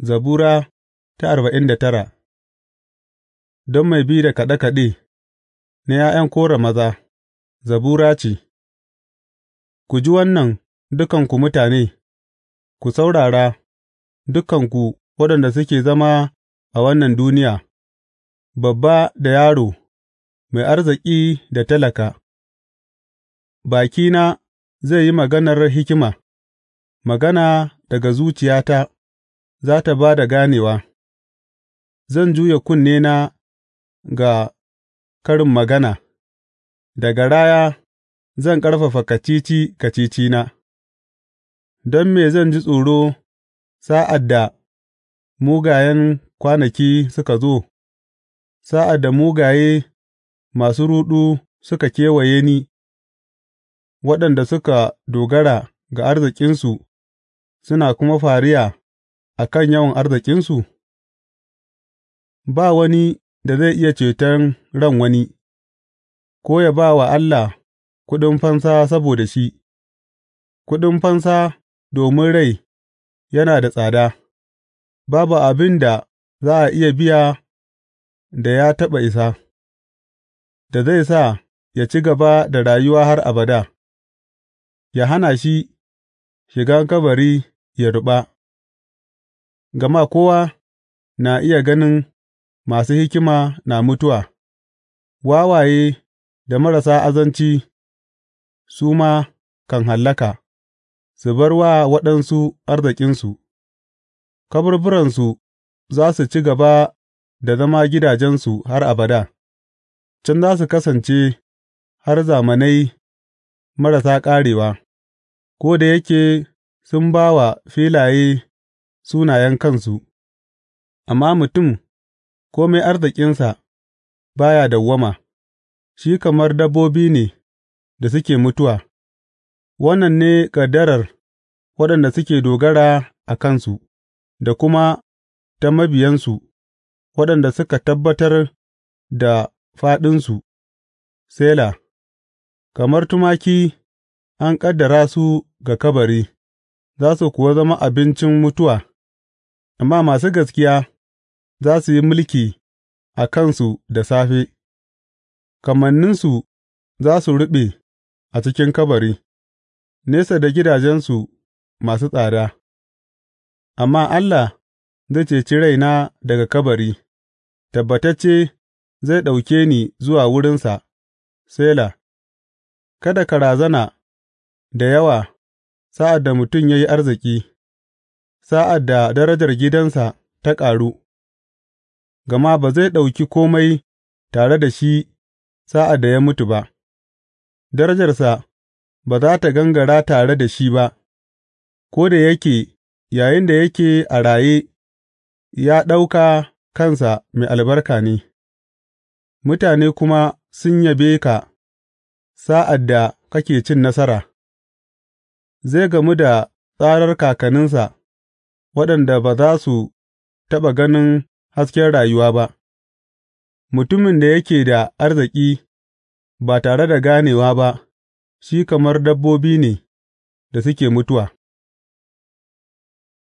Zabura ta arba'in da tara Don mai bi da kaɗe kaɗe na ’ya'yan Kora maza, zabura ce, Ku ji wannan, dukanku mutane, ku saurara, dukanku waɗanda suke zama a wannan duniya, babba da yaro, mai arziki da talaka, bakina zai yi maganar hikima, magana daga zuciyata. za tă ba da ganewa; zan juya kunnena ga karin magana, da garaya zan ƙarfafa kacici kacicina, don me zan ji tsoro sa'ad da mugayen kwanaki suka zo, sa'ad da mugaye masu ruɗu suka kewaye ni, waɗanda suka dogara ga arzikinsu suna kuma fariya. a kan yawan arzikinsu? Ba wani da zai iya ceton ran wani, ko ya ba wa Allah kuɗin fansa saboda shi, kuɗin fansa domin rai yana da tsada, babu abin da za a iya biya da ya taɓa isa, da zai sa ya ci gaba da rayuwa har abada, ya hana shi shigan kabari ya ruɓa. Gama kowa na iya ganin masu hikima na mutuwa, wawaye da marasa azanci su ma kan hallaka, su bar wa waɗansu arzikinsu; kaburburansu za su ci gaba da zama gidajensu har abada, can za su kasance har zamanai marasa ƙarewa, ko da yake sun ba wa filaye. sunayen kansu, amma mutum, kome arzikinsa, ba ya dawwama, shi kamar dabbobi ne da suke mutuwa, wannan ne ƙaddarar waɗanda suke dogara a kansu, da kuma ta mabiyansu, waɗanda suka tabbatar da faɗinsu, Sela, kamar tumaki an ƙaddara su ga kabari, za su kuwa zama abincin mutuwa. amma masu gaskiya za su yi mulki a kansu da safe, kamanninsu za su ruɓe a cikin kabari, nesa da gidajensu masu tsada, amma Allah zai ceci raina daga kabari, tabbatacce zai ɗauke ni zuwa wurinsa, Sela, kada ka razana da yawa sa'ad da mutum ya yi arziki. sa'ad da darajar gidansa ta ƙaru, gama ba zai ɗauki kome tare da shi sa'ad da ya mutu ba, darajarsa ba za ta gangara tare da shi ba, ko da yake yayinda yake a raye ya ɗauka kansa mai albarka ne, mutane kuma sun yabe ka sa'ad da kake cin nasara, zai gamu da tsarar kakanninsa. waɗanda ba za su taɓa ganin hasken rayuwa ba, mutumin da yake da arziki ba tare da ganewa ba shi kamar dabbobi ne da suke mutuwa.